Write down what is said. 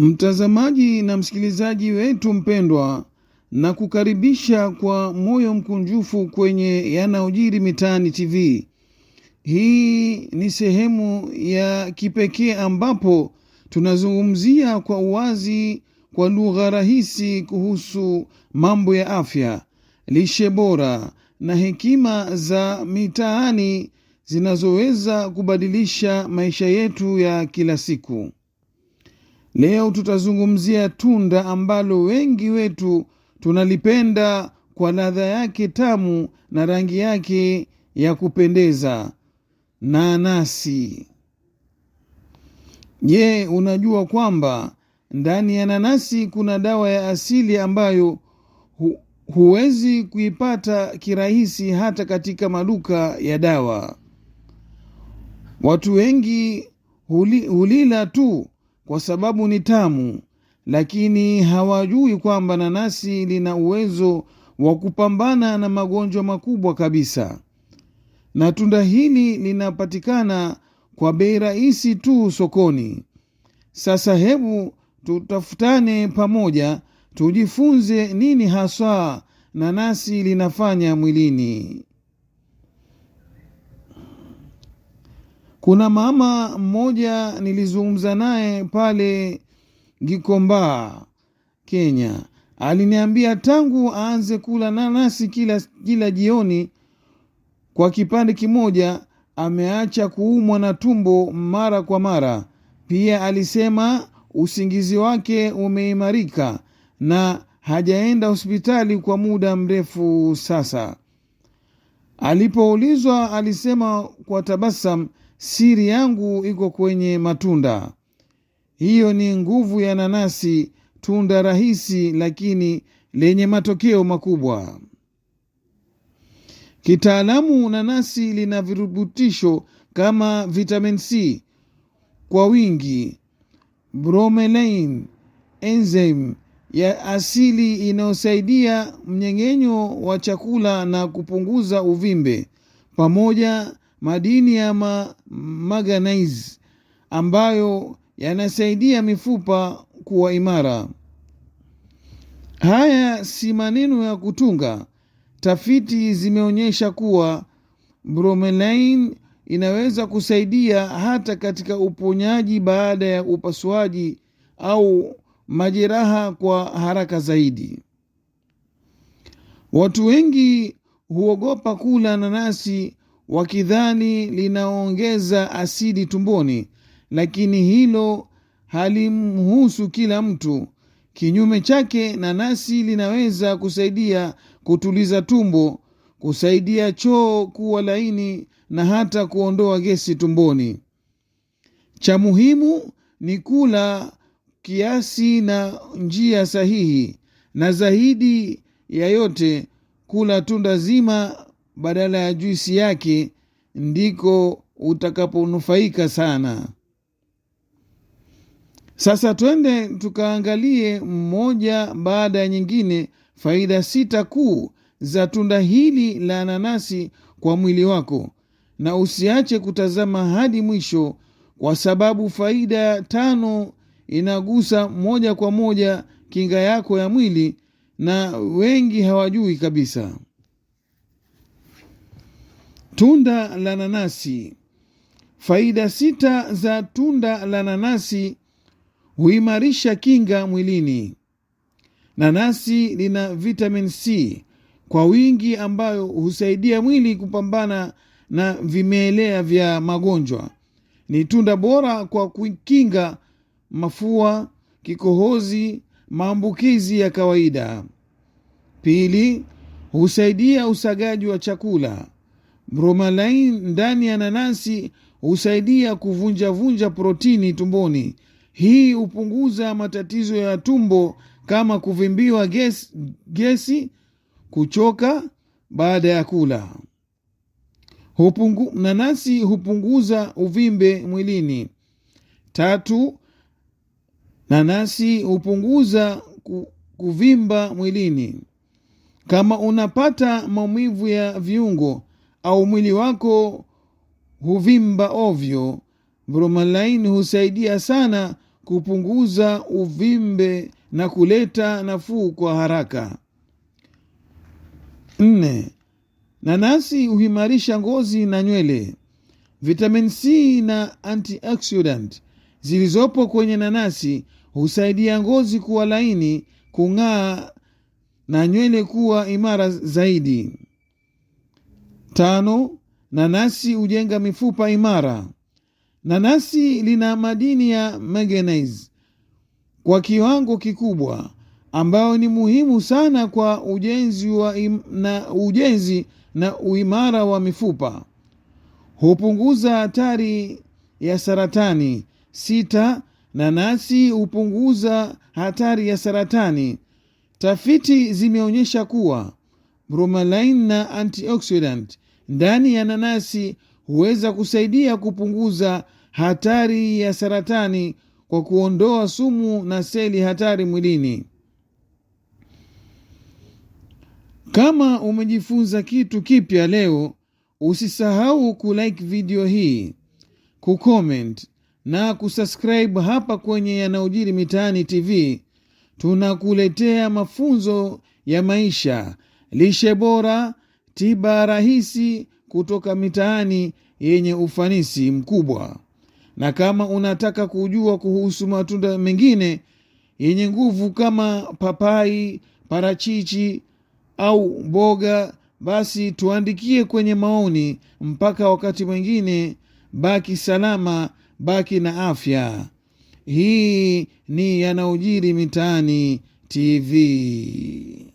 Mtazamaji na msikilizaji wetu mpendwa, na kukaribisha kwa moyo mkunjufu kwenye yanayojiri mitaani TV. Hii ni sehemu ya kipekee ambapo tunazungumzia kwa uwazi, kwa lugha rahisi, kuhusu mambo ya afya, lishe bora na hekima za mitaani zinazoweza kubadilisha maisha yetu ya kila siku. Leo tutazungumzia tunda ambalo wengi wetu tunalipenda kwa ladha yake tamu na rangi yake ya kupendeza, nanasi. Je, unajua kwamba ndani ya nanasi kuna dawa ya asili ambayo hu huwezi kuipata kirahisi hata katika maduka ya dawa? Watu wengi huli, hulila tu kwa sababu ni tamu, lakini hawajui kwamba nanasi lina uwezo wa kupambana na magonjwa makubwa kabisa, na tunda hili linapatikana kwa bei rahisi tu sokoni. Sasa hebu tutafutane pamoja, tujifunze nini haswa nanasi linafanya mwilini. Kuna mama mmoja nilizungumza naye pale Gikomba, Kenya, aliniambia tangu aanze kula nanasi kila, kila jioni kwa kipande kimoja ameacha kuumwa na tumbo mara kwa mara. Pia alisema usingizi wake umeimarika na hajaenda hospitali kwa muda mrefu sasa. Alipoulizwa alisema kwa tabasamu Siri yangu iko kwenye matunda. Hiyo ni nguvu ya nanasi, tunda rahisi lakini lenye matokeo makubwa. Kitaalamu, nanasi lina virubutisho kama vitamin C kwa wingi, bromelain, enzyme ya asili inayosaidia mnyeng'enyo wa chakula na kupunguza uvimbe, pamoja madini ya ma manganese ambayo yanasaidia mifupa kuwa imara. Haya si maneno ya kutunga. Tafiti zimeonyesha kuwa bromelain inaweza kusaidia hata katika uponyaji baada ya upasuaji au majeraha kwa haraka zaidi. Watu wengi huogopa kula nanasi wakidhani linaongeza asidi tumboni, lakini hilo halimhusu kila mtu. Kinyume chake, nanasi linaweza kusaidia kutuliza tumbo, kusaidia choo kuwa laini na hata kuondoa gesi tumboni. Cha muhimu ni kula kiasi na njia sahihi, na zaidi ya yote kula tunda zima badala ya juisi yake, ndiko utakaponufaika sana. Sasa twende tukaangalie mmoja baada ya nyingine faida sita kuu za tunda hili la nanasi kwa mwili wako, na usiache kutazama hadi mwisho, kwa sababu faida tano inagusa moja kwa moja kinga yako ya mwili na wengi hawajui kabisa. Tunda la nanasi. Faida sita za tunda la nanasi: huimarisha kinga mwilini. Nanasi lina vitamin C kwa wingi ambayo husaidia mwili kupambana na vimelea vya magonjwa. Ni tunda bora kwa kukinga mafua, kikohozi, maambukizi ya kawaida. Pili, husaidia usagaji wa chakula bromelain ndani ya nanasi husaidia kuvunjavunja protini tumboni. Hii hupunguza matatizo ya tumbo kama kuvimbiwa gesi, gesi kuchoka baada ya kula. Hupungu, nanasi hupunguza uvimbe mwilini. Tatu, nanasi hupunguza kuvimba mwilini. Kama unapata maumivu ya viungo au mwili wako huvimba ovyo, bromalain husaidia sana kupunguza uvimbe na kuleta nafuu kwa haraka. Nne, nanasi huimarisha ngozi na nywele. Vitamin C na antioxidant zilizopo kwenye nanasi husaidia ngozi kuwa laini, kung'aa na nywele kuwa imara zaidi. Tano, nanasi hujenga mifupa imara. Nanasi lina madini ya manganese kwa kiwango kikubwa, ambayo ni muhimu sana kwa ujenzi, wa im, na, ujenzi na uimara wa mifupa. Hupunguza hatari ya saratani. Sita, nanasi hupunguza hatari ya saratani. Tafiti zimeonyesha kuwa bromelain na antioxidant ndani ya nanasi huweza kusaidia kupunguza hatari ya saratani kwa kuondoa sumu na seli hatari mwilini. Kama umejifunza kitu kipya leo, usisahau kulike video hii, kucomment na kusubscribe hapa kwenye Yanayojiri Mitaani TV. Tunakuletea mafunzo ya maisha, lishe bora tiba rahisi kutoka mitaani yenye ufanisi mkubwa. Na kama unataka kujua kuhusu matunda mengine yenye nguvu kama papai, parachichi au mboga, basi tuandikie kwenye maoni. Mpaka wakati mwingine, baki salama, baki na afya. Hii ni yanaojiri mitaani TV.